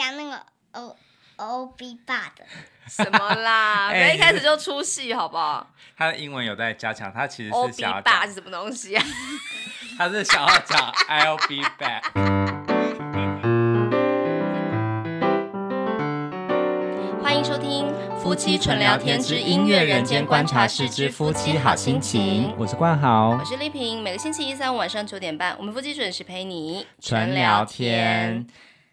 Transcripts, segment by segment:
講那個 o o b b a d 什麼啦？從、 欸、一開始就出戲好不好？他的英文有在加強，他其實是想要講 b a 是什麼東西啊？ 他是想要講 I'll be back。歡迎收聽夫妻純聊天之音樂人間觀察室之夫妻好心情，我是冠豪，我是麗萍，每個星期一、三、五晚上九點半，我們夫妻準時陪你純聊天。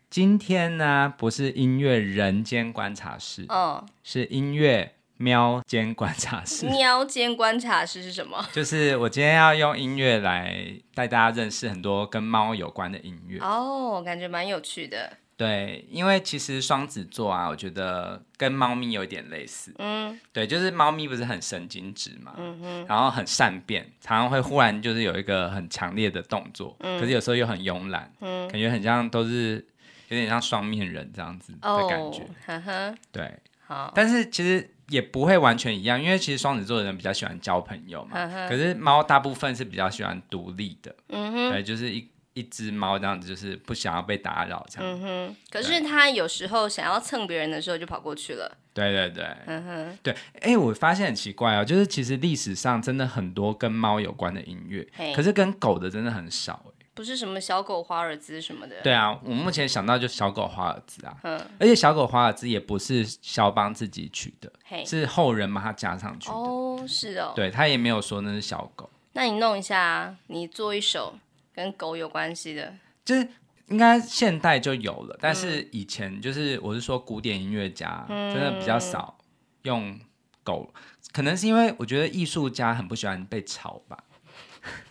今天呢，不是音樂人間觀察室，哦，是音樂喵間觀察室。喵間觀察室是什麼？就是我今天要用音樂來帶大家認識很多跟貓有關的音樂。哦，感覺蠻有趣的。對，因為其實雙子座啊，我覺得跟貓咪有一點類似。嗯，對，就是貓咪不是很神經質嘛，嗯哼，然後很善變，常常會忽然就是有一個很強烈的動作，嗯，可是有時候又很慵懶，嗯，感覺很像都是。有點像雙面人這樣子的感覺，oh, 對呵呵，但是其實也不會完全一樣，因為其實雙子座的人比較喜歡交朋友嘛，呵呵可是貓大部分是比較喜歡獨立的，嗯哼，對，就是一一只貓這樣子，就是不想要被打擾這樣，嗯哼、可是它有時候想要蹭別人的時候，就跑過去了，對對對，對呵呵，對，哎、欸，我發現很奇怪哦，就是其實歷史上真的很多跟貓有關的音樂，可是跟狗的真的很少。不是什麼小狗華爾茲什麼的，啊。對啊，我目前想到就是小狗華爾茲啊。嗯。而且小狗華爾茲也不是肖邦自己取的，嘿，是後人把它加上去的。哦，是哦。對，他也沒有說那是小狗。那你弄一下，啊，你做一首跟狗有關係的。就是應該現代就有了，但是以前就是我是說古典音樂家真的比較少用狗，嗯，可能是因為我覺得藝術家很不喜歡被吵吧。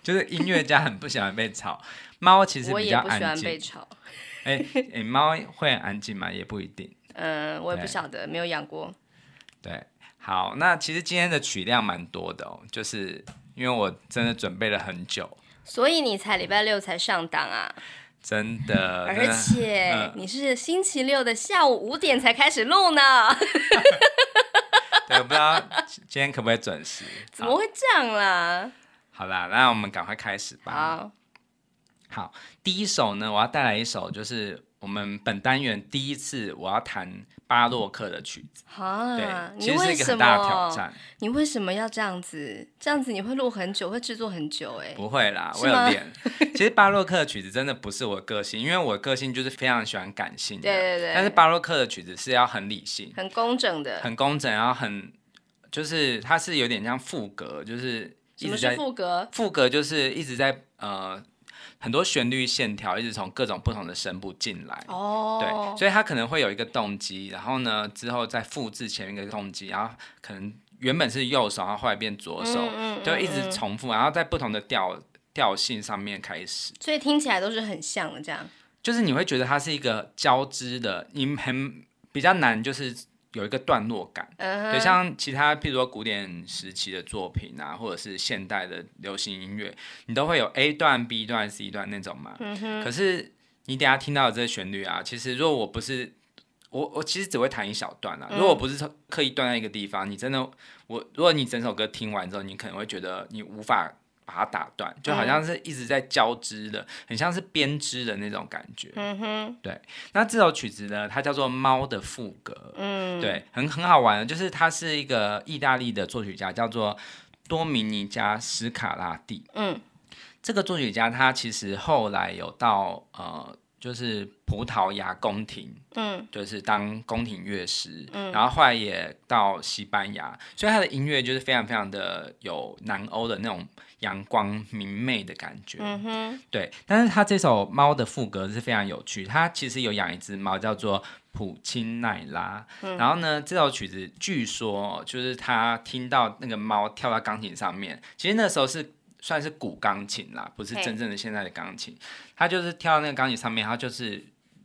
就是音樂家很不喜歡被吵，貓 其實比較安靜。哎哎，貓、 欸欸、會很安靜嗎？也不一定。嗯，我也不曉得，沒有養過。對，好，那其實今天的曲量蠻多的哦，就是因為我真的準備了很久，所以你才禮拜六才上檔啊，真的。 而且、嗯、你是星期六的下午五點才開始錄呢。 對，我不知道今天可不可以準時？怎麼會這樣啦？好啦，那我們趕快開始吧。好，好，第一首呢，我要帶來一首，就是我們本單元第一次我要彈巴洛克的曲子。好、嗯、對，其實是一個很大的挑戰。你為什麼要這樣子？這樣子你會錄很久，會制作很久、欸？哎，不會啦，我有練。 其實巴洛克的曲子真的不是我個性，因為我個性就是非常喜歡感性對對對。但是巴洛克的曲子是要很理性、很工整的，很工整，然後很就是它是有點像賦格，就是。一直在，什麼是賦格？賦格就是一直在呃，很多旋律線條一直從各種不同的聲部進來。哦，對，所以他可能會有一個動機，然後呢，之後再複製前面一個動機，然後可能原本是右手，然後後來變左手，嗯嗯嗯嗯就一直重複，然後在不同的調調性上面開始。所以聽起來都是很像的，這樣。就是你會覺得它是一個交織的，你很比較難，就是。有一個段落感，uh -huh. 對，像其他譬如說古典時期的作品啊，或者是現代的流行音樂，你都會有 A 段、B 段、C 段那種嘛。Uh -huh. 可是你等下聽到的這個旋律啊，其實如果我不是我我其實只會彈一小段啊。如果我不是刻意斷在一個地方，uh -huh. 你真的我，如果你整首歌聽完之後，你可能會覺得你無法。把它打斷，就好像是一直在交織的，嗯、很像是編織的那種感覺。嗯哼，對。那這首曲子呢，它叫做《貓的賦格》，嗯，對，很很好玩的，就是它是一個意大利的作曲家，叫做多米尼加斯卡拉蒂。嗯，這個作曲家他其實後來有到呃，就是葡萄牙宮廷，嗯，就是當宮廷樂師。嗯，然後後來也到西班牙，所以他的音樂就是非常非常的有南歐的那種。陽光明媚的感覺，嗯，對。但是他這首《貓》的賦格是非常有趣。他其實有養一隻貓，叫做普欽奈拉，嗯。然後呢，這首曲子據說就是他聽到那個貓跳到鋼琴上面。其實那時候是算是古鋼琴啦，不是真正的現在的鋼琴。他就是跳到那個鋼琴上面，他就是。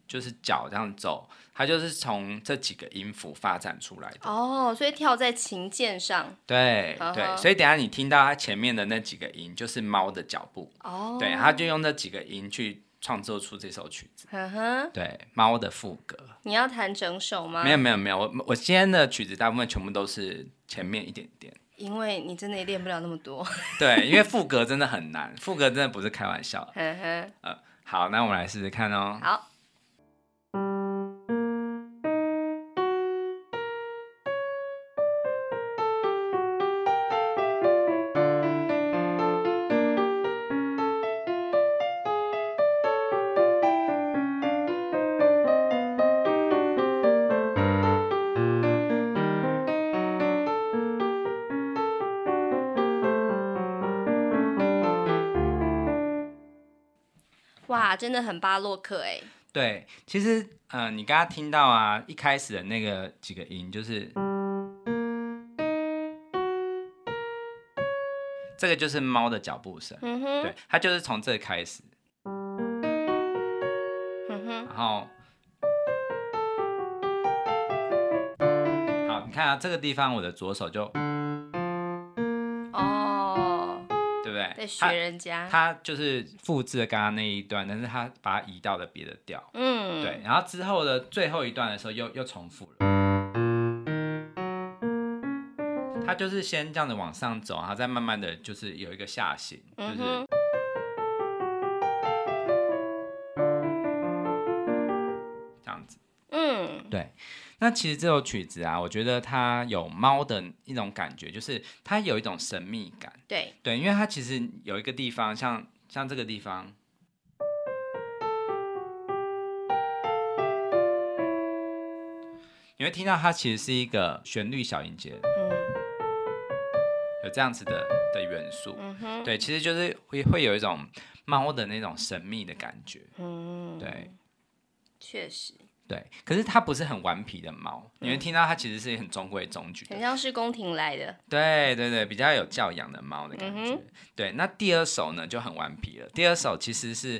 就是腳這樣走，它就是從這幾個音符發展出來的哦。Oh, 所以跳在琴鍵上，對、uh -huh. 對。所以等下你聽到它前面的那幾個音，就是貓的腳步。哦、uh -huh.，對，它就用這幾個音去創作出這首曲子。嗯哼，對，貓的賦格。你要彈整首嗎？沒有沒有沒有，我我今天的曲子大部分全部都是前面一點點，因為你真的也練不了那麼多。 對，因為賦格真的很難，賦格真的不是開玩笑。嗯、uh、哼 -huh. 呃，好，那我們來試試看哦。好、uh -huh.。真的很巴洛克欸，對，其實，嗯,你剛剛聽到啊，一開始的那個幾個音，就是這個就是貓的腳步聲，嗯哼，對，它就是從這開始，嗯哼，然後，好，你看啊，這個地方我的左手就。對，在學人家他，他就是複製了剛剛那一段，但是他把它移到了別的調，嗯，對，然後之後的最後一段的時候又又重複了，他就是先這樣子往上走，然後再慢慢的就是有一個下行，嗯、就是。那其實這首曲子啊，我覺得它有貓的一種感覺，就是它有一種神秘感。對對，因為它其實有一個地方，像像這個地方，你會聽到它其實是一個旋律小音階，嗯、有這樣子的的元素、嗯，對，其實就是會會有一種貓的那種神秘的感覺，嗯、對，確實。對，可是它不是很頑皮的貓，你會聽到它其實是很中規中矩，很像是宮廷來的對。對對對，比較有教養的貓的感覺、嗯。對，那第二首呢就很頑皮了。第二首其實是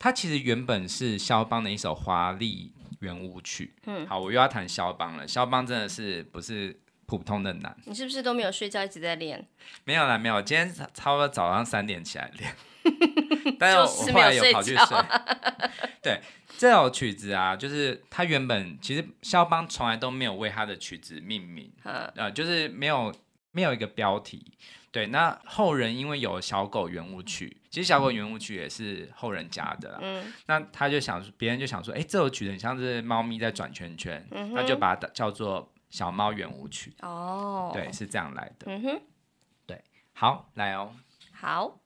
它其實原本是肖邦的一首華麗圓舞曲。嗯，好，我又要彈肖邦了。肖邦真的是不是普通的難？你是不是都沒有睡覺一直在練？沒有啦，沒有，今天差不多早上三點起來練。 但我、就是、啊、我後來有跑去睡。 對這首曲子啊，就是他原本其實肖邦從來都沒有為他的曲子命名，呃，就是沒有沒有一個標題。對，那後人因為有小狗圓舞曲，其實小狗圓舞曲也是後人加的啦。嗯，那他就想，別人就想說，哎、欸，這首曲子很像是貓咪在轉圈圈，他、嗯、就把它叫做小貓圓舞曲。哦，對，是這樣來的。嗯哼，對，好，來哦。好。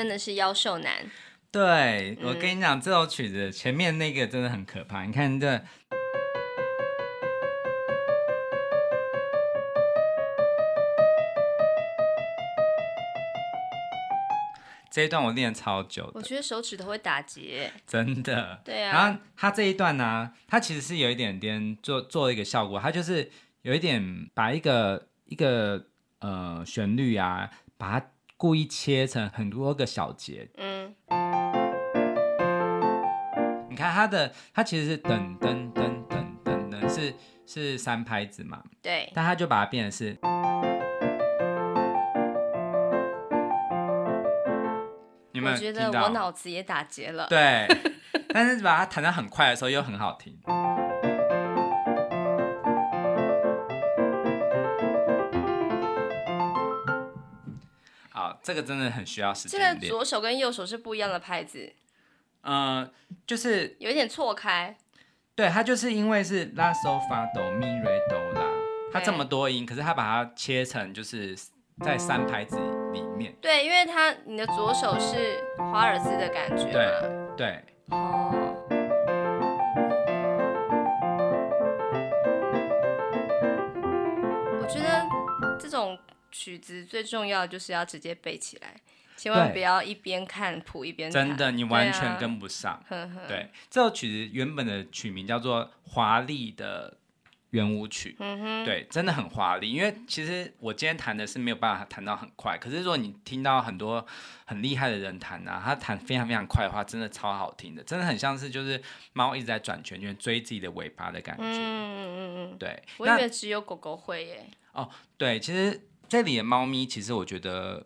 真的是妖獸男，對、嗯、我跟你講，這首曲子前面那個真的很可怕。你看這、嗯、這一段我練超久的，我覺得手指都會打結、欸，真的。對啊，然後他這一段呢、啊，他其實是有一點點做做一個效果，他就是有一點把一個一個呃旋律啊，把它。故意切成很多個小節。嗯，你看它的，它其實是噔噔噔噔噔噔，噔，噔，噔，是是三拍子嘛？對。但他就把它變成是，你們覺得我腦子，子也打結了？對， 但是把它彈得很快的時候又很好聽。這個真的很需要時間。這個左手跟右手是不一樣的拍子，嗯、呃，就是有一點錯開。對，它就是因為是拉 So Fa Do Mi Re Do La，它這麼多音，可是它把它切成就是在三拍子裡面。對，因為它你的左手是華爾茲的感覺嘛，對對。好、oh. 我覺得這種。曲子最重要的就是要直接背起來，千萬不要一邊看譜一邊彈，真的，你完全跟不上。對啊，對，呵呵，這首曲子原本的曲名叫做《華麗的圓舞曲》。嗯哼，對，真的很華麗。因為其實我今天彈的是沒有辦法彈到很快，可是如果你聽到很多很厲害的人彈呢，他彈非常非常快的話，真的超好聽的，真的很像是就是貓一直在轉圈圈追自己的尾巴的感覺。嗯嗯嗯嗯，對。我以為只有狗狗會耶。哦，對，其實。這裡的貓咪其實，我覺得，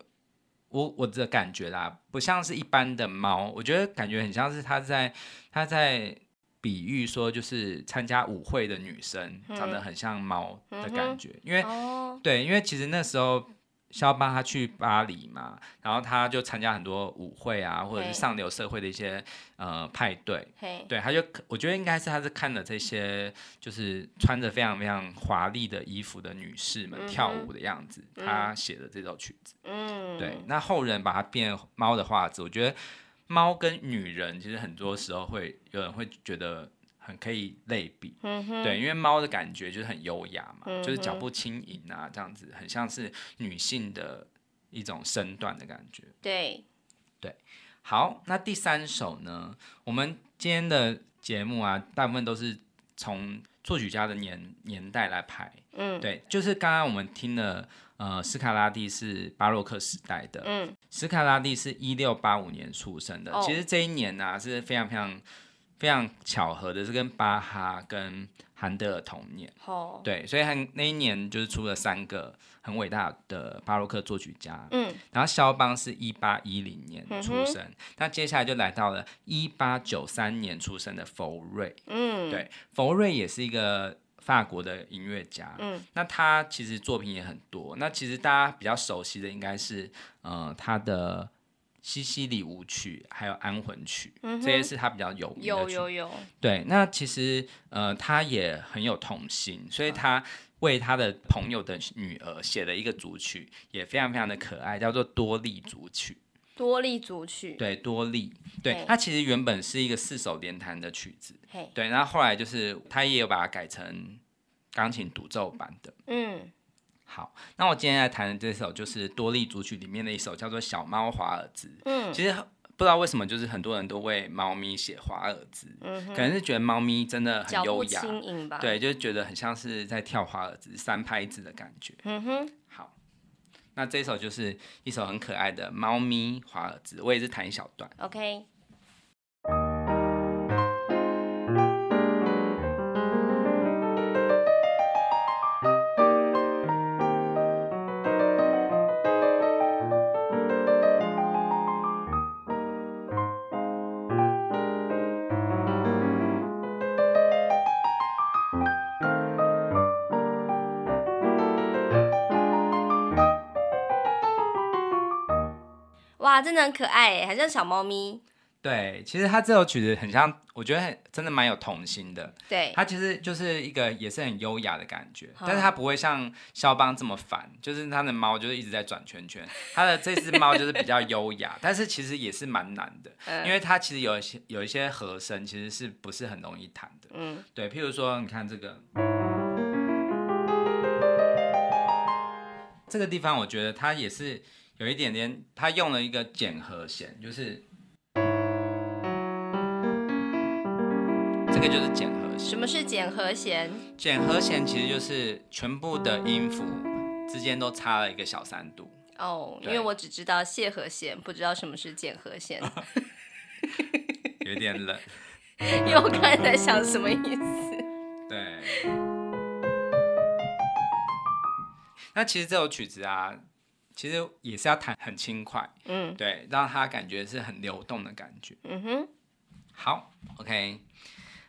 我我的感覺啦，不像是一般的貓，我覺得感覺很像是它在它在比喻說，就是參加舞會的女生，嗯、長得很像貓的感覺，嗯、因為、哦、對，因為其實那時候。肖邦他去巴黎嘛，然後他就參加很多舞會啊，或者是上流社會的一些、hey. 呃派對，hey. 對，他就我覺得應該是他是看了這些就是穿着非常非常華麗的衣服的女士們、mm -hmm. 跳舞的樣子，他寫的這首曲子，嗯、mm -hmm.，對，那後人把它變貓的畫質，我覺得貓跟女人其實很多時候會、mm -hmm. 有人會覺得。很可以類比、嗯，對，因為貓的感覺就是很優雅嘛，嗯、就是腳步輕盈啊，嗯、這樣子很像是女性的一種身段的感覺。對，對，好，那第三首呢？我們今天的節目啊，大部分都是從作曲家的年年代來排。嗯，對，就是剛剛我們聽了，呃，斯卡拉蒂是巴洛克時代的，嗯，斯卡拉蒂是一六八五年出生的、哦，其實這一年呢、啊、是非常非常。非常巧合的是，跟巴哈跟韓德爾同年、哦，對，所以很那一年就是出了三個很偉大的巴洛克作曲家。嗯，然後肖邦是一八一零年出生、嗯，那接下來就來到了一八九三年出生的佛瑞。嗯，對，佛瑞也是一個法國的音樂家。嗯，那他其實作品也很多，那其實大家比較熟悉的應該是，呃，他的。西西里舞曲，還有安魂曲，嗯、這些是他比較有名的曲。有有有。對，那其實呃，他也很有童心，所以他為他的朋友的女兒寫了一個組曲，也非常非常的可愛，叫做多莉曲《多莉組曲》。多莉組曲。對，多莉。對。他其實原本是一個四手聯彈的曲子。對。那然後後來就是他也有把它改成鋼琴獨奏版的。嗯。好，那我今天來彈的這首就是多莉組曲裡面的一首，叫做《小貓華爾茲》。嗯，其實不知道為什麼，就是很多人都為貓咪寫華爾茲，可能是覺得貓咪真的很優雅，對，就是覺得很像是在跳華爾茲三拍子的感覺。嗯哼，好，那這一首就是一首很可愛的貓咪華爾茲，我也是彈一小段。OK。啊、真的很可愛耶，很像小貓咪。對，其實它這首曲子很像，我覺得很真的蠻有童心的。對，它其實就是一個也是很優雅的感覺，嗯、但是它不會像肖邦這麼煩，就是它的貓就是一直在轉圈圈。它的這隻貓就是比較優雅， 但是其實也是蠻難的，嗯、因為它其實有一些有一些和聲，其實是不是很容易彈的？嗯，對，譬如說你看這個這個地方，我覺得它也是。有一點點，他用了一個減和弦，就是這個就是減和弦。什麼是減和弦？減和弦其實就是全部的音符之間都差了一個小三度。哦、oh,，因為我只知道謝和弦，不知道什麼是減和弦。 有點冷， 因為我剛才在想什麼意思。對。那其實這首曲子啊。其實也是要彈很輕快，嗯，對，讓他感覺是很流動的感覺，嗯哼，好，OK，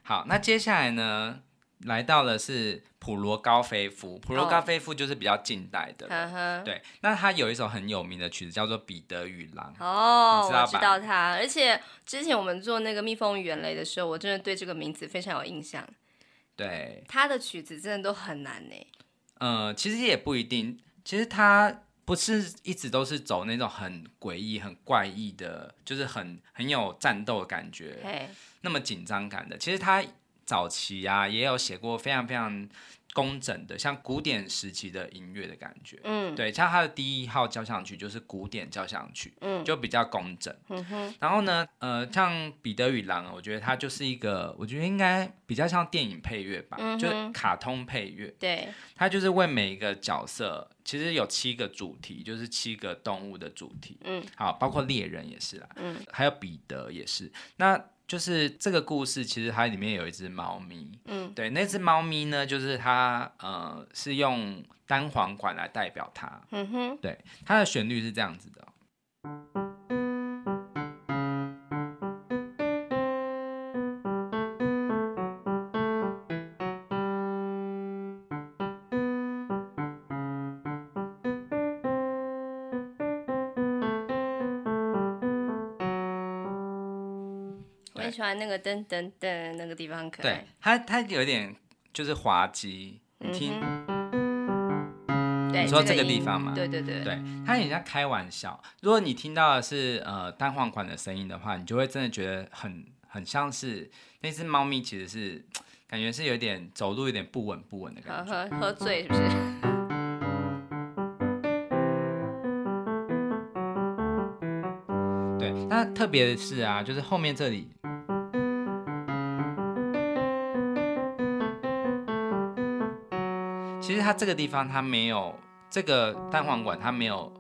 好，那接下來呢，來到了是普羅高菲夫，普羅高菲夫就是比較近代的、哦，對，那他有一首很有名的曲子叫做《彼得與狼》，哦，你知道，知道他，而且之前我們做那個蜜蜂與言雷的時候，我真的對這個名字非常有印象，對，他的曲子真的都很難呢，呃，其實也不一定，其實他。不是一直都是走那種很詭異、很怪異的，就是很很有戰鬥的感覺，hey. 那麼緊張感的。其實他早期啊，也有寫過非常非常。工整的，像古典時期的音樂的感覺，嗯，對，像他的第一號交響曲就是古典交響曲，嗯，就比較工整，嗯哼。然後呢，呃，像《彼得與狼》，我覺得它就是一個，我覺得應該比較像電影配樂吧，嗯、就是卡通配樂，對，它就是為每一個角色，其實有七個主題，就是七個動物的主題，嗯，好，包括獵人也是啦，嗯，還有彼得也是，那。就是這個故事，其實它裡面有一隻貓咪。嗯，對，那只貓咪呢，就是它，呃，是用單簧管來代表它。嗯哼，對，它的旋律是這樣子的哦。等等噔，噔，那個地方可對它它有點就是滑稽。你嗯，聽你說這個地方嘛、那個，對對對，對它他好像開玩笑。如果你聽到的是呃單簧管的聲音的話，你就會真的覺得很很像是那只貓咪，其實是感覺是有點走路有點不穩不穩的感覺。喝喝，喝醉是不是？ 對，那特別的是啊，就是後面這裡。它這個地方，它沒有這個單簧管，它沒有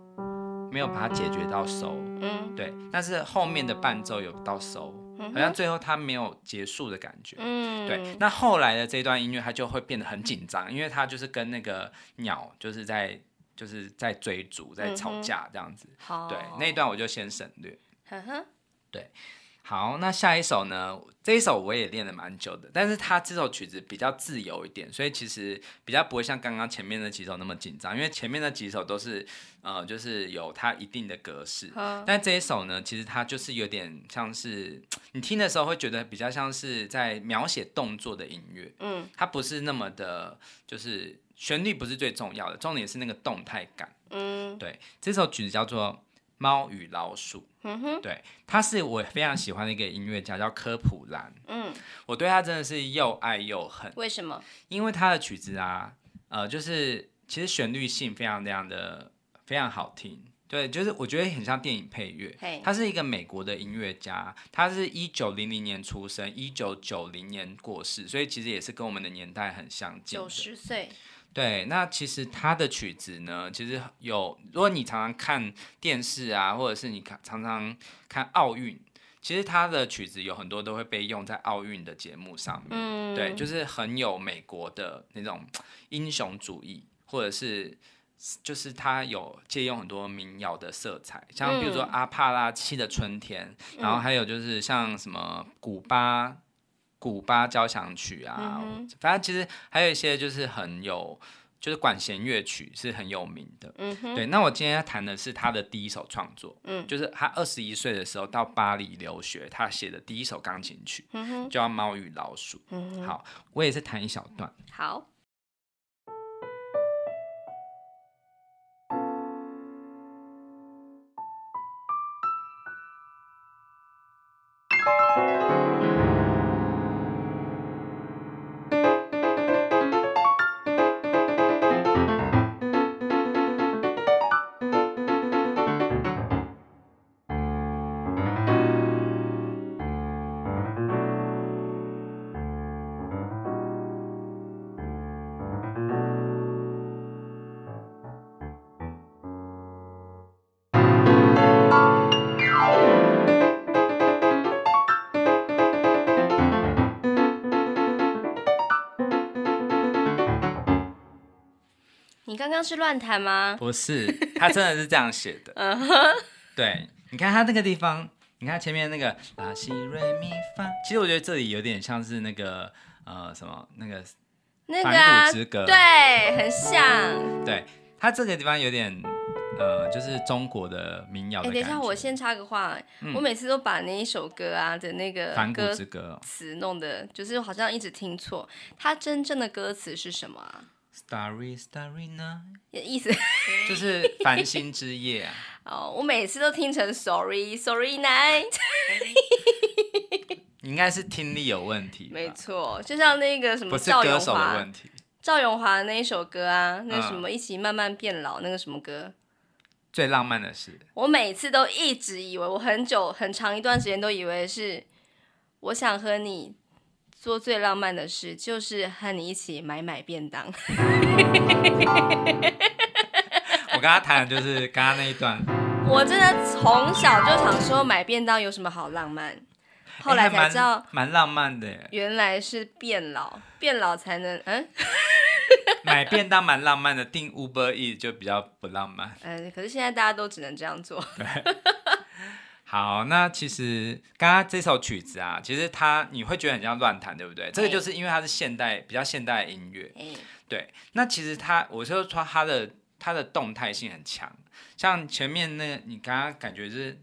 沒有把它解決到收，嗯，嗯，對。但是後面的伴奏有到收，好像最後它沒有結束的感覺，嗯，對。那後來的這段音樂它就會變得很緊張，嗯，因為它就是跟那個鳥就是在就是在追逐，在吵架這樣子，嗯、對。那一段我就先省略，呵呵，對。好，那下一首呢？這一首我也練了蠻久的，但是它這首曲子比較自由一點，所以其實比較不會像剛剛前面那幾首那麼緊張，因為前面那幾首都是呃，就是有它一定的格式。嗯。但這一首呢，其實它就是有點像是你聽的時候會覺得比較像是在描寫動作的音樂。嗯。它不是那麼的，就是旋律不是最重要的，重點是那個動態感。嗯。對，這首曲子叫做《貓與老鼠》。嗯、對，他是我非常喜歡的一個音樂家，叫柯普蘭。嗯，我對他真的是又愛又恨。為什麼？因為他的曲子啊，呃，就是其實旋律性非常的、非常的非常好聽。對，就是我覺得很像電影配樂。他是一個美國的音樂家，他是一九零零年出生，一九九零年過世，所以其實也是跟我們的年代很相近。九十歲。對，那其實他的曲子呢，其實有，如果你常常看電視啊，或者是你看常常看奧運，其實他的曲子有很多都會被用在奧運的節目上面。嗯。對，就是很有美國的那種英雄主義，或者是就是他有借用很多民謠的色彩，像比如說《阿帕拉契的春天》，嗯，然後還有就是像什麼古巴。古巴交響曲啊、嗯，反正其實還有一些就是很有，就是管弦樂曲是很有名的。嗯哼，對。那我今天要彈的是他的第一首創作，嗯，就是他二十一歲的時候到巴黎留學，他寫的第一首鋼琴曲，嗯哼，叫《貓與老鼠》嗯。嗯好，我也是彈一小段。好。剛剛是亂彈嗎？不是，他真的是這樣寫的。嗯 對，你看他那個地方，你看前面那個拉西瑞米發， 其實我覺得這裡有點像是那個呃什麼那個那個、啊、對，很像。對，他這個地方有點呃，就是中國的民謠、欸。等一下，我先插個話，我每次都把那一首歌啊的那個梵谷之歌詞弄得，就是好像一直聽錯。他真正的歌詞是什麼啊？Starry, starry night，意思就是繁星之夜啊。哦、 oh,，我每次都聽成 Sorry, Sorry night。 你應該是聽力有問題。沒錯，就像那個什麼趙詠華。不是歌手的問題。趙詠華那一首歌啊，那個、什麼一起慢慢變老、嗯、那個什麼歌。最浪漫的事。我每次都一直以為，我很久很長一段時間都以為是我想和你做最浪漫的事，就是和你一起買買便當。 我剛剛談的就是剛剛那一段。我真的從小就想說買便當有什麼好浪漫，後來才知道蠻浪漫的。原來是變老，變老才能嗯。 買便當蠻浪漫的，訂 Uber Eat 就比較不浪漫。嗯，可是現在大家都只能這樣做。對好，那其實剛剛這首曲子啊，其實它你會覺得很像亂彈，對不對？這個就是因為它是現代比較現代音樂、欸，對。那其實它，我就說它的它的動態性很強，像前面那個，你剛剛感覺、就是，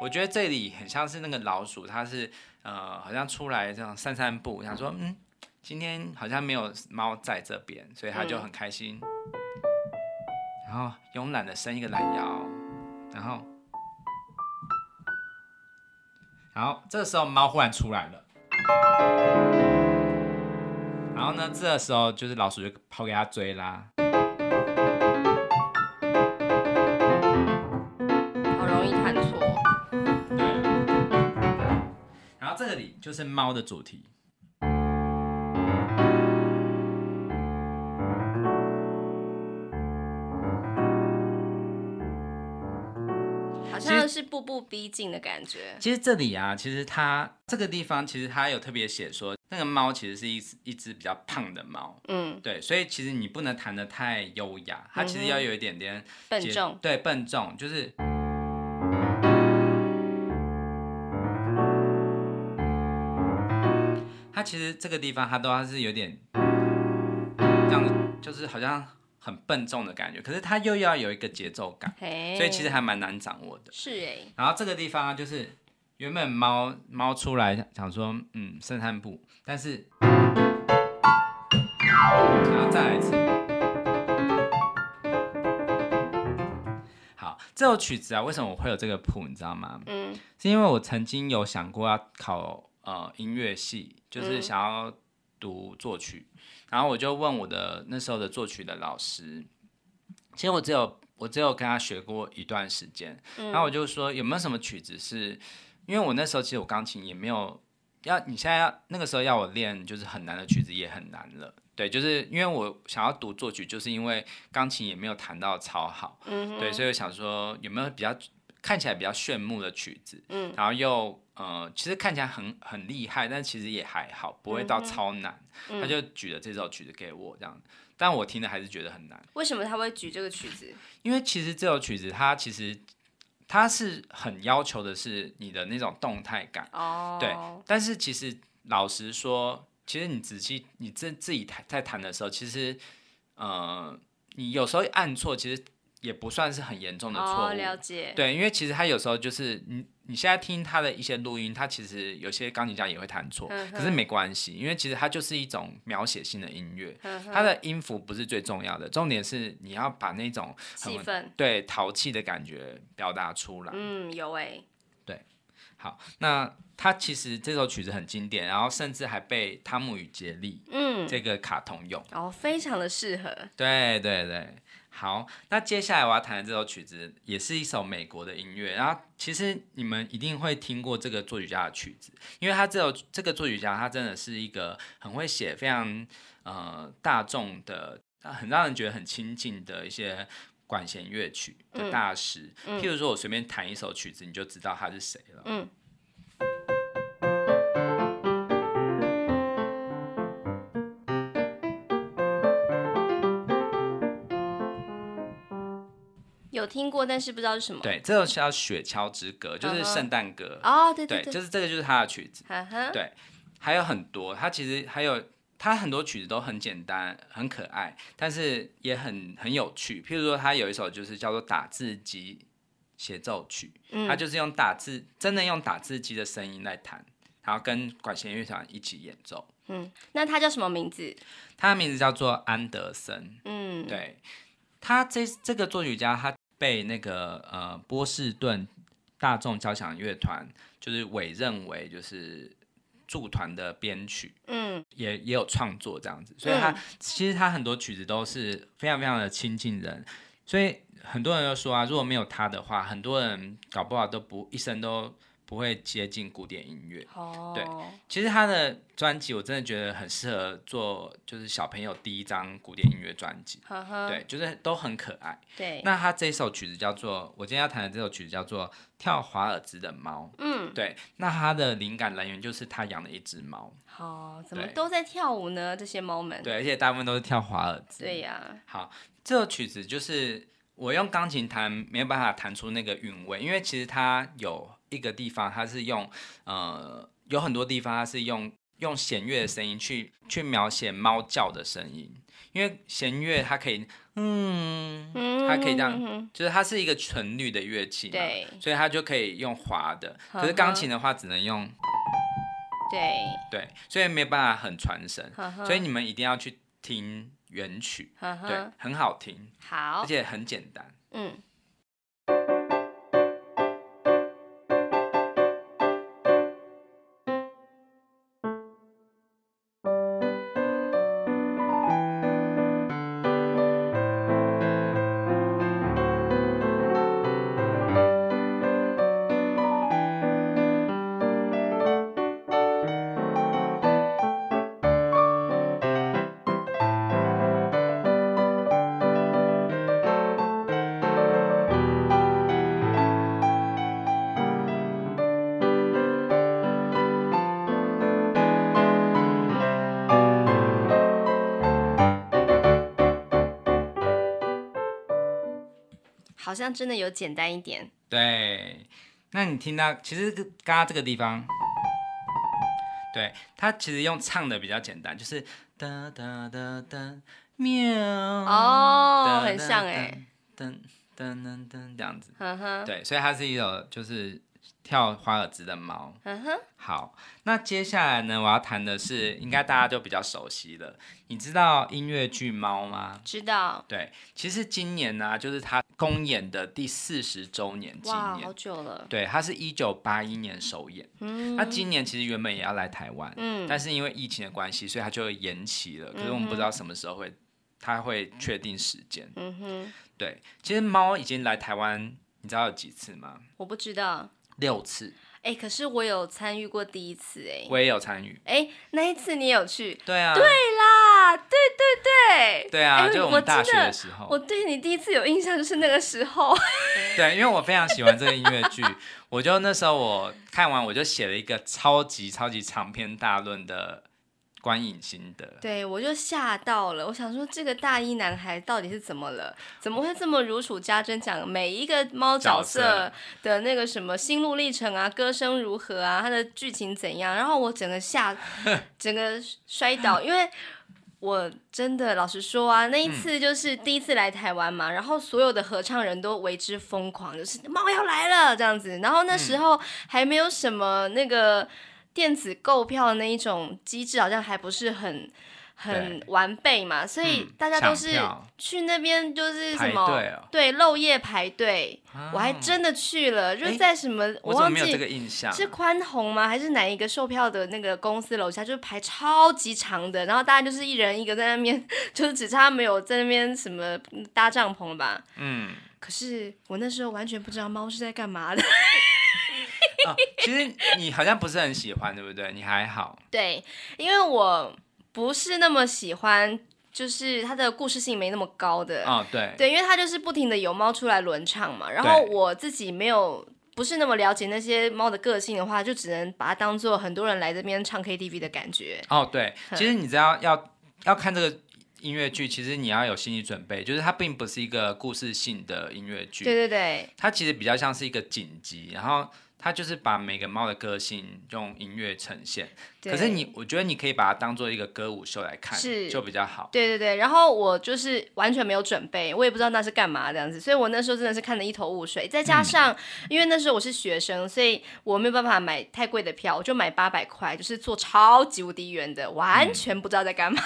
我覺得這裡很像是那個老鼠，它是呃好像出來這樣散散步，想說嗯，嗯，今天好像沒有貓在這邊，所以它就很開心，嗯、然後慵懶的伸一個懶腰，然後。好，這個、時候貓忽然出來了，然後呢，這個、時候就是老鼠就跑給他追啦，好容易看錯，對，然後這裡就是貓的主題。步步逼近的感覺。其實這裡啊，其實它這個地方，其實它有特別寫說，那個貓其實是一一隻比較胖的貓。嗯，對，所以其實你不能彈得太優雅，它其實要有一點點、嗯、笨重。對，笨重就是、嗯。它其實這個地方，它都還是有點這樣子，就是好像。很笨重的感覺，可是它又要有一個節奏感，Hey. 所以其實還蠻難掌握的。是、欸、然後這個地方、啊、就是原本貓貓出來想說，嗯，生誕布，但是、嗯，然後再來一次。嗯、好，這首曲子啊，為什麼我會有這個譜，你知道嗎？嗯，是因為我曾經有想過要考、呃、音樂系，就是想要、嗯。讀作曲，然後我就問我的那時候的作曲的老師，其實我只有我只有跟他學過一段時間，嗯。然後我就說有沒有什麼曲子是，因為我那時候其實我鋼琴也沒有要你現在要那個時候要我練就是很難的曲子也很難了，對，就是因為我想要讀作曲，就是因為鋼琴也沒有彈到超好，嗯，對，所以我想說有沒有比較，看起來比較炫目的曲子，嗯，然後又呃，其實看起來很很厲害，但其實也還好，不會到超難。嗯、他就舉了這首曲子給我這樣，但我聽的還是覺得很難。為什麼他會舉這個曲子？因為其實這首曲子，他其實他是很要求的是你的那種動態感哦，對。但是其實老實說，其實你仔細你自自己彈在彈的時候，其實呃，你有時候按錯，其實。也不算是很嚴重的錯誤。哦，了解。對，因為其實他有時候就是你，你現在聽他的一些錄音，他其實有些鋼琴家也會彈錯，可是沒關係，因為其實它就是一種描寫性的音樂，它的音符不是最重要的，重點是你要把那種氣氛，對，淘氣的感覺表達出來。嗯，有誒、欸。對，好，那他其實這首曲子很經典，然後甚至還被《湯姆與傑利》嗯嗯這個卡通用，然後、哦、非常的適合。對對對。好，那接下來我要彈的這首曲子也是一首美國的音樂，然後其實你們一定會聽過這個作曲家的曲子，因為他這首這個作曲家他真的是一個很會寫非常呃大眾的，很讓人覺得很親近的一些管弦樂曲的大師、嗯嗯，譬如說我隨便彈一首曲子，你就知道他是誰了。嗯聽過，但是不知道是什麼。對，這首、個、叫《雪橇之歌》Uh-huh. 就是聖誕歌。哦、Uh-huh. Oh，對對，就是這個，就是他的曲子。Uh-huh. 對，還有很多，他其實還有他很多曲子都很簡單、很可愛，但是也很很有趣。譬如說，他有一首就是叫做《打字機協奏曲》嗯，他就是用打字，真的用打字機的聲音來彈，然後跟管弦樂團一起演奏。嗯，那他叫什麼名字？他的名字叫做安德森。嗯，對他這這個作曲家，他。被那個呃波士頓大眾交響樂團，就是委任為就是駐團的編曲，嗯，也也有創作這樣子，所以他、嗯、其實他很多曲子都是非常非常的親近人，所以很多人都說啊，如果沒有他的話，很多人搞不好都不一生都。不會接近古典音樂，oh. 對，其實他的專輯我真的覺得很適合做，就是小朋友第一張古典音樂專輯，uh -huh. 對，就是都很可愛。對，那他這首曲子叫做，我今天要彈的這首曲子叫做《跳華爾茲的貓》。嗯，對，那他的靈感來源就是他養了一隻貓。好、oh, 怎麼都在跳舞呢？這些貓們。對，而且大部分都是跳華爾茲。對呀、啊。好，這首曲子就是我用鋼琴彈，沒有辦法彈出那個韻味，因為其實它有。一個地方，它是用，呃，有很多地方，它是用用弦樂的聲音去去描寫貓叫的聲音，因為弦樂它可以，嗯，嗯哼哼哼哼，它可以這樣、嗯哼哼，就是它是一個純律的樂器嘛，對，所以它就可以用滑的，可是鋼琴的話只能用，呵呵，對對，所以沒有辦法很傳神，所以你們一定要去聽原曲呵呵，對，很好聽，好，而且很簡單，嗯。好像真的有簡單一點。對，那你聽到其實剛剛這個地方，對，它其實用唱的比較簡單，就是噠噠噠噠喵。稍稍稍哦，很像哎。噔噔噔噔這樣子。嗯對，所以它是一種就是跳華爾茲的貓。好、嗯，那接下來呢，我要談的是應該大家就比較熟悉了。你知道音樂劇《貓》嗎文送？知道。對，其實今年呢、啊，就是它。公演的第四十周年紀念，哇，好久了。對，它是一九八一年首演。嗯，那今年其實原本也要來台灣，嗯，但是因為疫情的關係，所以它就延期了。可是我們不知道什麼時候會，它、嗯、會確定時間。嗯哼，對，其實貓已經來台灣，你知道有幾次嗎？我不知道。六次。哎、欸，可是我有參與過第一次哎、欸，我也有參與。哎，那一次你有去？對啊，對啦，對對對，對啊，欸、就我們大學的時候我真的，我對你第一次有印象就是那個時候， 對，因為我非常喜歡這個音樂劇， 我就那時候我看完我就寫了一個超級超級長篇大論的。觀影心得，對我就嚇到了。我想說，這個大一男孩到底是怎麼了？怎麼會這麼如數家珍講每一個貓角色的那個什麼心路歷程啊，歌聲如何啊，他的劇情怎樣？然後我整個嚇，整個摔倒， 因為我真的老實說啊，那一次就是第一次來台灣嘛，嗯、然後所有的合唱人都為之瘋狂，就是貓要來了這樣子。然後那時候還沒有什麼那個。電子購票的那一種機制好像還不是很很完備嘛，所以大家都是去那邊就是什麼、嗯哦、對，漏夜排隊、啊，我還真的去了，就是在什麼我忘記我沒有這個印象，是寬宏嗎？還是哪一個售票的那個公司樓下就排超級長的，然後大家就是一人一個在那邊，就是只差沒有在那邊什麼搭帳篷吧。嗯，可是我那時候完全不知道貓是在幹嘛的。 哦、其實你好像不是很喜歡，對不對？你還好？對，因為我不是那麼喜歡，就是它的故事性沒那麼高的、哦、對，對，因為它就是不停地有貓出來輪唱嘛。然後我自己沒有不是那麼了解那些貓的個性的話，就只能把它當做很多人來這邊唱 KTV 的感覺。哦，對，其實你只要要要看這個音樂劇，其實你要有心理準備，就是它並不是一個故事性的音樂劇。對對對，它其實比較像是一個集錦，然後。他就是把每個貓的個性用音樂呈現。可是你，我覺得你可以把它當做一個歌舞秀來看，是，就比較好。對對對，然後我就是完全沒有準備，我也不知道那是幹嘛這樣子，所以我那時候真的是看得一頭霧水。再加上、嗯，因為那時候我是學生，所以我沒有辦法買太貴的票，我就買八百塊，就是坐超級無敵遠的，完全不知道在幹嘛。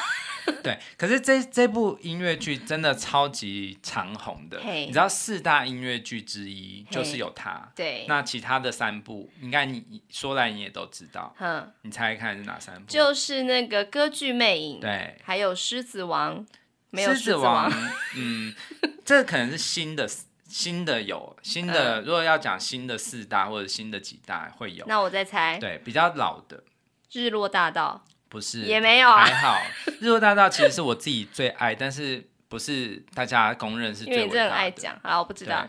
嗯、 對，可是這這部音樂劇真的超級長紅的嘿，你知道四大音樂劇之一就是有它。對，那其他的三部，應該你，看你說來你也都知道。嗯，你猜看。看是哪三部？就是那個《歌劇魅影》，對，還有《獅子王》沒有？《獅子王》嗯， 這可能是新的新的有新的。如果要講新的四大或者新的幾大，會有。那我再猜，對，比較老的《日落大道》不是也沒有、啊、還好。《日落大道》其實是我自己最愛， 但是不是大家公認是最愛講的。好，我不知道。《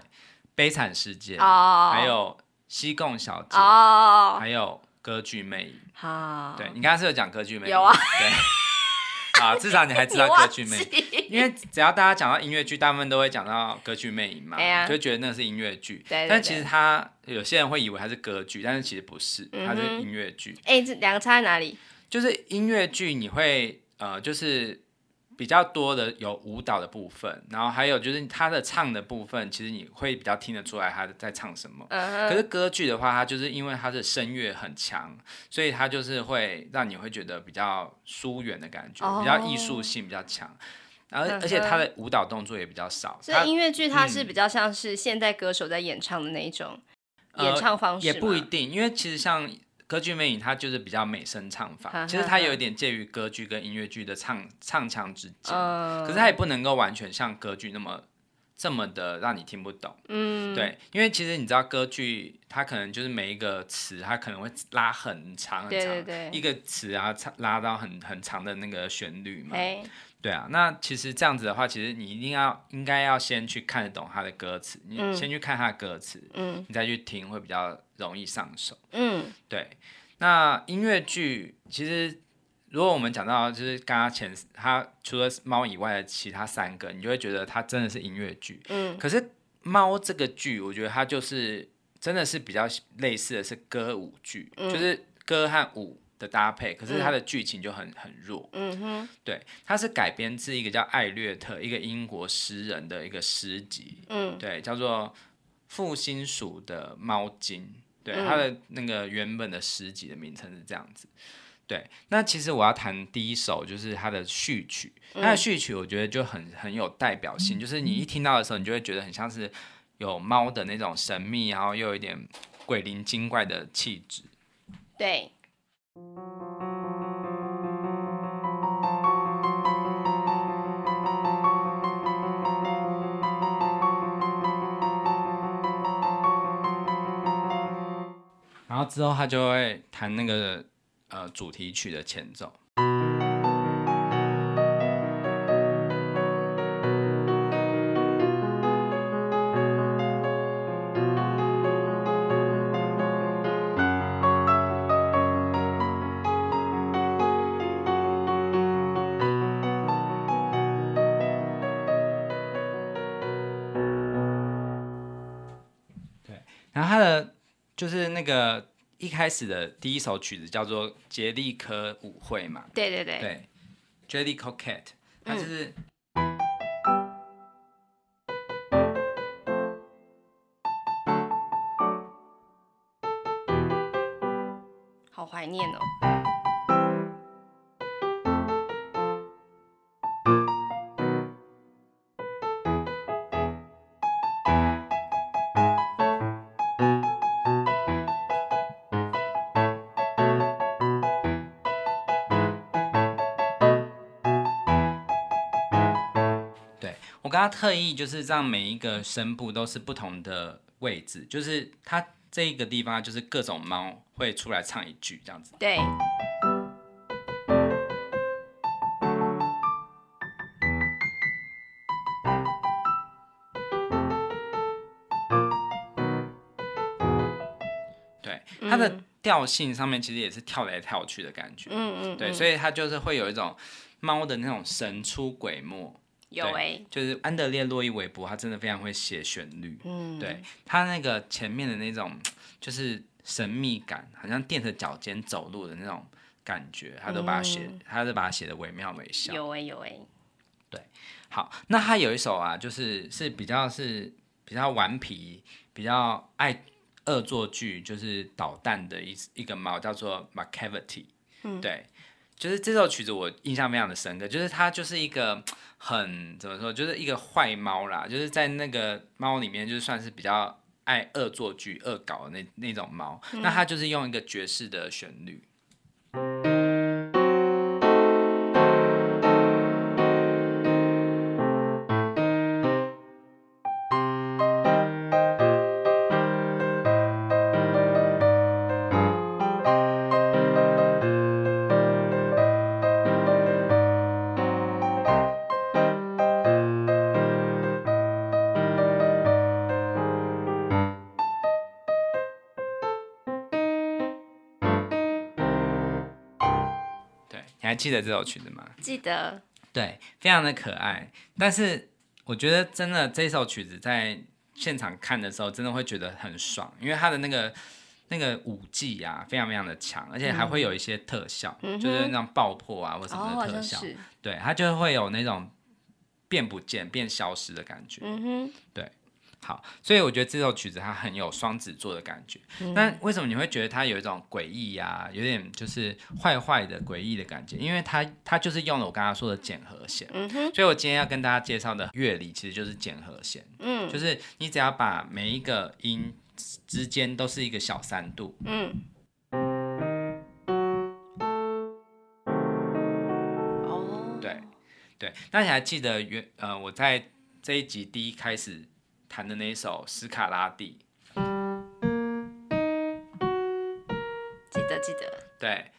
悲慘世界》哦、oh.，還有《西貢小姐》哦、oh.，還有。歌劇魅影，好、oh.，對，你剛剛是有講歌劇魅影，有啊，對，好、 啊，至少你還知道歌劇魅影，因為只要大家講到音樂劇，大部分都會講到歌劇魅影嘛，哎、欸、呀、啊，就會覺得那是音樂劇，但其實他有些人會以為他是歌劇，但是其實不是，嗯、他是音樂劇，哎、欸，這兩個差在哪裡？就是音樂劇你會呃，就是。比較多的有舞蹈的部分，然後還有就是他的唱的部分，其實你會比較聽得出來他在唱什麼。嗯、可是歌劇的話，它就是因為它的聲樂很強，所以它就是會讓你會覺得比較疏遠的感覺，哦、比較藝術性比較強，而而且它的舞蹈動作也比較少。嗯、所以音樂劇它是比較像是現代歌手在演唱的那一種演唱方式？嗯嗯。也不一定，因為其實像。歌劇魅影，它就是比較美聲唱法， 其實它有一點介於歌劇跟音樂劇的唱唱腔之間，呃，可是它也不能夠完全像歌劇那麼這麼的讓你聽不懂。嗯，對，因為其實你知道歌劇，它可能就是每一個詞，它可能會拉很長很長，對對對，一個詞啊，拉到很很長的那個旋律嘛。對啊，那其實這樣子的話，其實你一定要應該要先去看得懂他的歌詞，嗯，你先去看他的歌詞，嗯，你再去聽會比較容易上手，嗯，對。那音樂劇其實，如果我們講到就是剛剛前他除了貓以外的其他三個，你就會覺得它真的是音樂劇，嗯。可是貓這個劇，我覺得它就是真的是比較類似的是歌舞劇，嗯，就是歌和舞。的搭配，可是它的劇情就很很弱。嗯哼，對，它是改編自一個叫艾略特，一個英國詩人的一個詩集。嗯，對，叫做《負心鼠的貓經》。對、嗯，它的那個原本的詩集的名稱是這樣子。對，那其實我要談第一首就是它的序曲。那序曲我覺得就很很有代表性、嗯，就是你一聽到的時候，你就會覺得很像是有貓的那種神秘，然後又有一點鬼靈精怪的氣質。對。然後之後，他就會彈那個呃主題曲的前奏。那個一開始的第一首曲子叫做《傑利科舞會》嘛，對對對，對，Jellicle Cat、嗯、它就是，好懷念哦。他特意就是讓每一個聲部都是不同的位置，就是它這一個地方就是各種貓會出來唱一句這樣子。對。對，它的調性上面其實也是跳來跳去的感覺。嗯嗯，嗯。對，所以它就是會有一種貓的那種神出鬼沒。有哎、欸，就是安德烈洛伊韋伯，他真的非常會寫旋律。嗯，對他那個前面的那種，就是神秘感，好、嗯、像踮着腳尖走路的那種感覺，他都把它寫、嗯，他都把它寫的惟妙惟肖。有哎、欸，有哎、欸。對，好，那他有一首啊，就是是比較是比較頑皮、比較愛惡作劇、就是搗蛋的一一個貓，叫做《Macavity》。嗯，對。就是這首曲子，我印象非常的深刻。就是它就是一個很怎麼說，就是一個壞貓啦，就是在那個貓裡面，就是算是比較愛惡作劇、惡搞的那那種貓。嗯。那它就是用一個爵士的旋律。記得這首曲子嗎？記得，對，非常的可愛。但是我覺得，真的這首曲子在現場看的時候，真的會覺得很爽，因為它的那個那個舞技啊，非常非常的強，而且還會有一些特效，嗯、就是那種爆破啊、嗯、或什麼的特效、哦，對，它就會有那種變不見、變消失的感覺。嗯哼，對。好，所以我覺得這首曲子它很有雙子座的感覺。那、嗯、為什麼你會覺得它有一種詭異呀？有點就是壞壞的詭異的感覺，因為它它就是用了我剛剛說的減和弦。嗯、所以，我今天要跟大家介紹的樂理其實就是減和弦。嗯，就是你只要把每一個音之間都是一個小三度。嗯。哦。對，對。那你還記得原呃，我在這一集第一開始。彈的那一首史卡拉第。記得記得，對，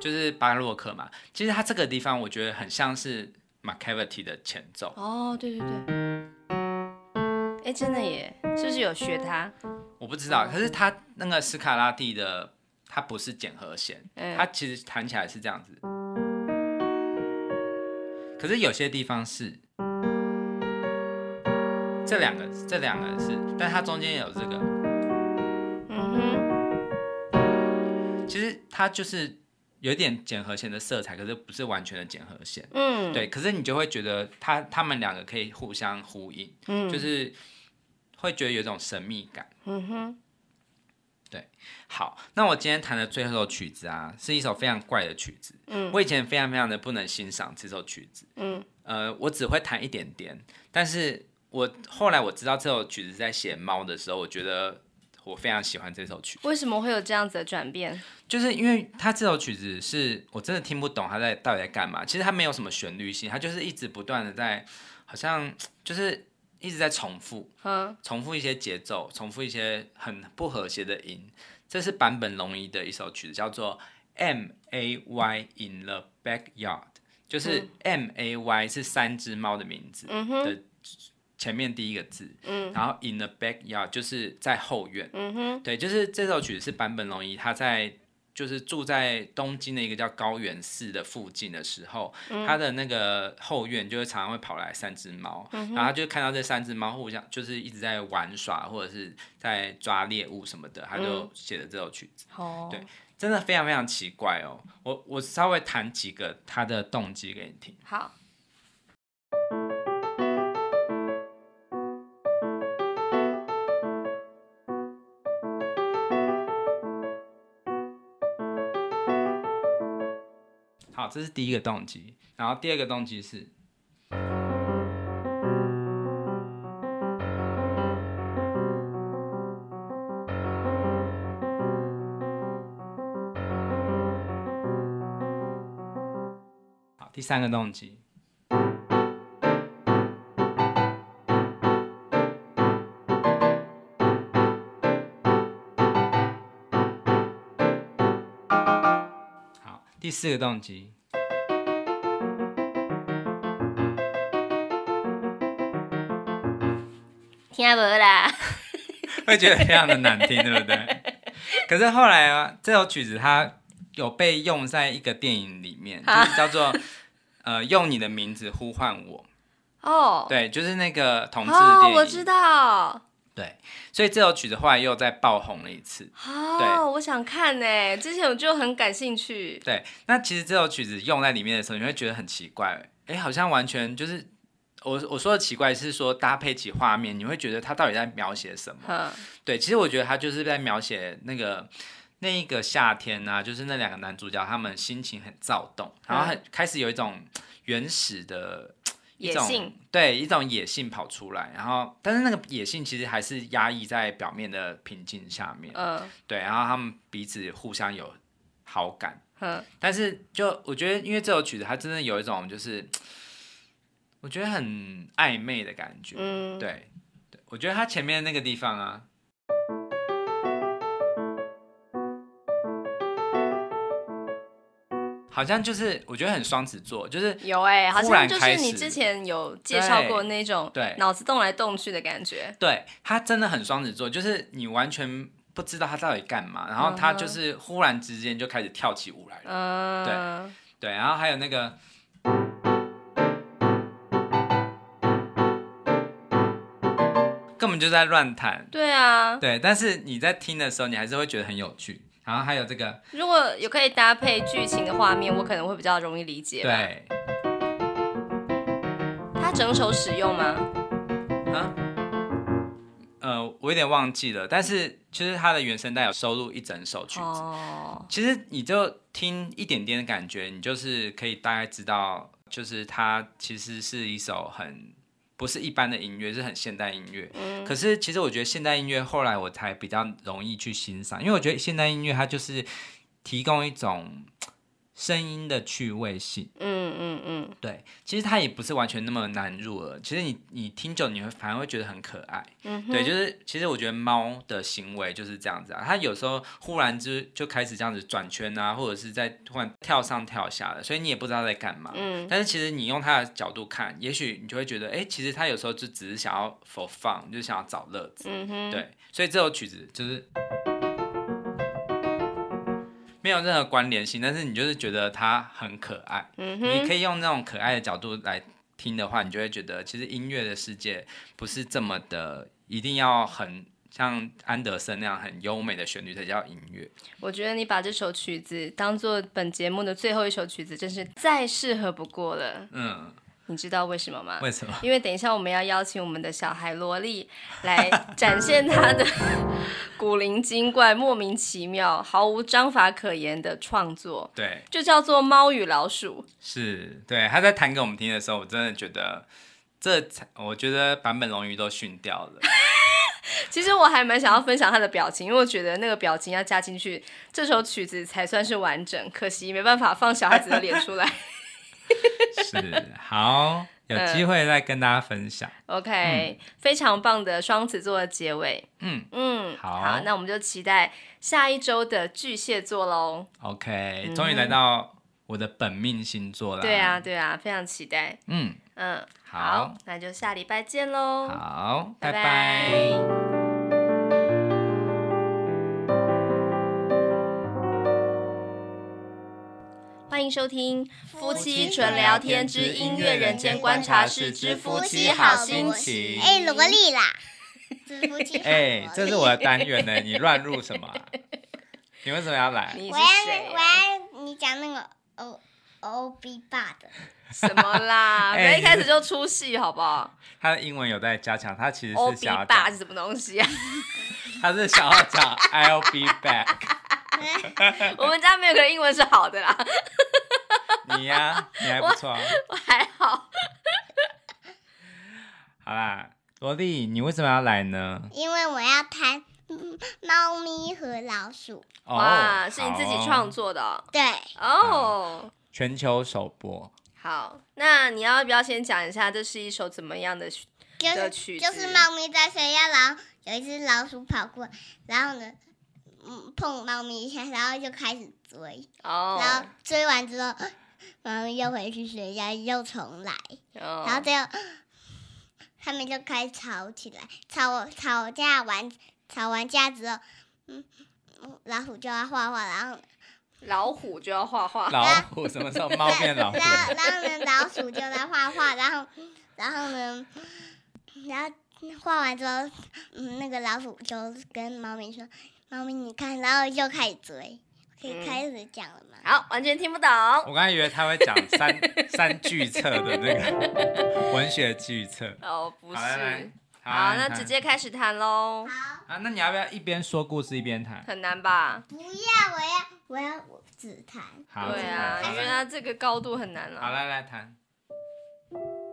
就是巴洛克嘛。其實他這個地方，我覺得很像是《Macavity》的前奏。哦，對對對。哎，真的耶，是不是有學他？我不知道。可是他那個史卡拉第的，他不是減和弦，他、嗯、其實彈起來是這樣子。可是有些地方是，這兩個，這兩個是，但是它中間有這個、嗯哼，其實它就是有點減和弦的色彩，可是不是完全的減和弦，嗯，對，可是你就會覺得它，它們兩個可以互相呼應、嗯，就是會覺得有一種神秘感，嗯哼，對，好，那我今天彈的最後首曲子啊，是一首非常怪的曲子、嗯，我以前非常非常的不能欣賞這首曲子，嗯，呃，我只會彈一點點，但是。我後來我知道這首曲子在寫貓的時候，我覺得我非常喜歡這首曲。為什麼會有這樣子的轉變？就是因為他這首曲子是我真的聽不懂他在到底在幹嘛。其實他沒有什麼旋律性，他就是一直不斷的在，好像就是一直在重複，重複一些節奏，重複一些很不和諧的音。這是坂本龍一的一首曲子，叫做《M A Y in the Backyard》，嗯，就是 M A Y 是三隻貓的名字的。嗯哼。前面第一個字，嗯，然後 in the backyard 就是在後院，嗯哼，對，就是這首曲子是坂本龍一他在就是住在東京的一個叫高原寺的附近的時候，嗯、他的那個後院就會常常會跑來三隻貓，嗯，然後他就看到這三隻貓互相就是一直在玩耍，或者是在抓獵物什麼的，他就寫了這首曲子。哦，嗯，對，真的非常非常奇怪哦，我我稍微彈幾個他的動機給你聽。好。這是第一個動機，然後第二個動機是，好，第三個動機，好，第四個動機。聽到沒啦，會覺得非常的難聽， 對不對？可是後來啊，這首曲子它有被用在一個電影裡面，啊、就是、叫做呃“用你的名字呼喚我”。哦，對，就是那個同志電影。哦、oh，我知道。對，所以這首曲子後來又再爆紅了一次。哦、oh。我想看呢。之前我就很感興趣。對，那其實這首曲子用在裡面的時候，你會覺得很奇怪，哎、欸，好像完全就是。我我說的奇怪的是說搭配起畫面，你會覺得他到底在描寫什麼？對，其實我覺得他就是在描寫那個那一個夏天啊，就是那兩個男主角他們心情很躁動，嗯、然後開始有一種原始的一種野性，對，一種野性跑出來，然後但是那個野性其實還是壓抑在表面的平靜下面。嗯、呃，對，然後他們彼此互相有好感，但是就我覺得，因為這首曲子它真的有一種就是。我覺得很曖昧的感覺，嗯、對，對我覺得他前面那個地方啊，好像就是我覺得很雙子座，就是有哎、欸，好像就是你之前有介紹過那種對腦子動來動去的感覺，對他真的很雙子座，就是你完全不知道他到底幹嘛，然後他就是忽然之間就開始跳起舞來了，嗯、對對，然後還有那個。你就在亂彈，對啊，對，但是你在聽的時候，你還是會覺得很有趣。然後還有這個，如果有可以搭配劇情的畫面，我可能會比較容易理解。對，它整首使用嗎？啊？呃，我有點忘記了，但是其實它的原聲帶有收錄一整首曲子。哦哦。其實你就聽一點點的感覺，你就是可以大概知道，就是它其實是一首很。不是一般的音樂，是很現代音樂。嗯。可是其實我覺得現代音樂後來我才比較容易去欣賞，因為我覺得現代音樂它就是提供一種。聲音的趣味性，嗯嗯嗯，對，其實它也不是完全那麼難入耳，其實你你聽久，你會反而會覺得很可愛，嗯，對，就是其實我覺得貓的行為就是這樣子啊，它有時候忽然就就開始這樣子轉圈啊，或者是在突然跳上跳下的，所以你也不知道在幹嘛，嗯，但是其實你用它的角度看，也許你就會覺得，哎，其實它有時候就只是想要 for fun，就是想要找樂子，嗯哼，對，所以這首曲子就是。沒有任何關聯性，但是你就是覺得它很可愛。嗯哼。你可以用那種可愛的角度來聽的話，你就會覺得其實音樂的世界不是這麼的，一定要很像安德森那樣很優美的旋律才叫音樂。我覺得你把這首曲子當做本節目的最後一首曲子，真是再適合不過了。嗯。你知道為什麼嗎？為什麼？因為等一下我們要邀請我們的小孩羅力來展現她的 古靈精怪、莫名其妙、毫無章法可言的創作。對，就叫做《貓與老鼠》。是，對。他在彈給我們聽的時候，我真的覺得，這才，我覺得坂本龍二都遜掉了。 其實我還蠻想要分享他的表情，因為我覺得那個表情要加進去，這首曲子才算是完整。可惜沒辦法放小孩子的臉出來。 是，好，有機會再跟大家分享。嗯嗯、OK，嗯，非常棒的雙子座的結尾。嗯嗯，嗯，好，那我們就期待下一周的巨蟹座嘍。OK，終於來到我的本命星座了，嗯。對啊對啊，非常期待。嗯嗯好，好，那就下禮拜見嘍。好，拜拜。歡迎收聽夫妻純聊天之音樂人間觀察室之夫妻好星琴。哎，羅力啦！哎， 這是我的單元呢，你亂入什麼？ 你為什麼要來？我要、啊，我要你講那個歐歐 b 爸的什麼啦？你、 哎、一開始就出戲好不好？他的英文有在加強，他其實是歐比爸是什麼東西啊？ 他是想要講 I'll be back。 我們家沒有個英文是好的啦 ，你呀、啊，你還不錯、啊，我還好。 好啦，羅力，你為什麼要來呢？因為我要彈貓咪和老鼠》oh,。哇，是你自己創作的、哦？Oh. 對。哦、oh. uh,。全球首播。好，那你要不要先講一下，這是一首怎麼樣的歌曲？就是貓、就是、咪在睡覺，然後有一隻老鼠跑過，然後呢？嗯，碰貓咪一下，然後就開始追，oh. 然後追完之後，然後又回去睡覺，又重來，oh. 然後最後他們就開始吵起來，吵吵架完，吵完架之後，嗯，老虎就要畫畫，然後老虎就要畫畫，老虎什麼時候貓變老虎？ 然後， 然後呢，老鼠就在畫畫，然後然後呢，然後畫完之後，嗯，那個老虎就跟貓咪說。媽咪，你看，然後又開始追，可以開始講了嗎、嗯？好，完全聽不懂。我剛才以為他會講三 三句測的那個文學句測。哦，不是。好，好好好，那直接開始彈嘍。好啊，那你要不要一邊說故事一邊彈？很難吧？不要，我要，我要我只彈。對啊，原來他這個高度很難啊。好了，來彈。來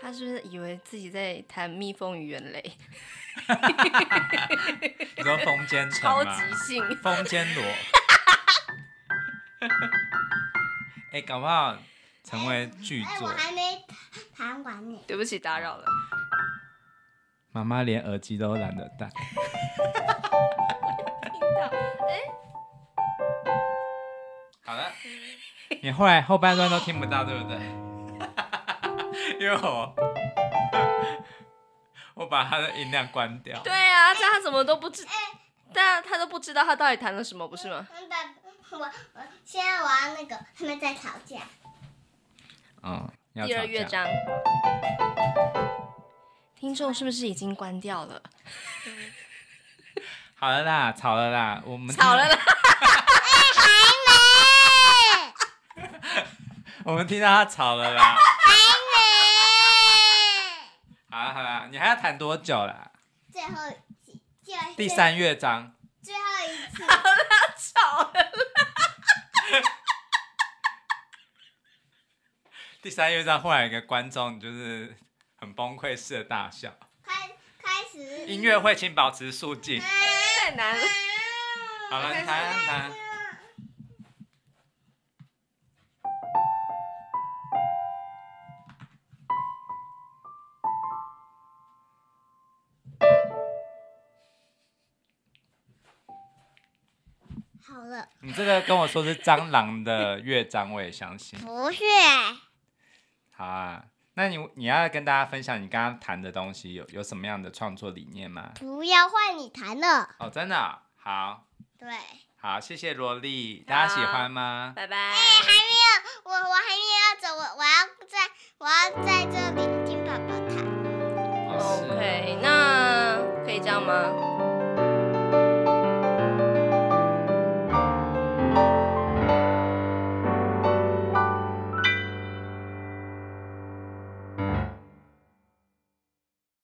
他是不是以為自己在彈《蜜蜂與人類》 ？ 你說“風間蟲”嗎？超即興蜂間螺？哎、 欸，搞不好成為巨作、欸。我還沒彈完呢。對不起，打擾了。媽媽連耳機都懶得戴。 欸、好了，你後來後半段都聽不到，對不對？ 因為我我把他的音量關掉。對啊，但他怎麼都不知、欸欸，但他都不知道他到底彈了什麼，不是嗎？嗯、爸爸我我先玩那個，他們在吵架。哦、嗯，第二樂章，聽眾是不是已經關掉了？嗯 好了啦，吵了啦，我們吵了啦、 欸！還沒， 我們聽到他吵了啦，還沒。好了好了，你還要彈多久啦？最後，第，第三樂章。最後一次，好了，吵了啦！ 第三樂章，忽然有個觀眾就是很崩潰式的大笑。音樂會，請保持肅靜。太難了。好了，談一談。好了，你這個跟我說是蟑螂的樂章， 我也相信。不是。好啊。那你你要跟大家分享你剛剛彈的東西有，有有什麼樣的創作理念嗎？不要換你彈了。哦，真的、哦、好。對，好，謝謝羅力，大家喜歡嗎？拜拜。哎、欸，還沒有，我我還沒有要走，我我要在，我要在這裡聽爸爸彈。OK，那可以這樣嗎？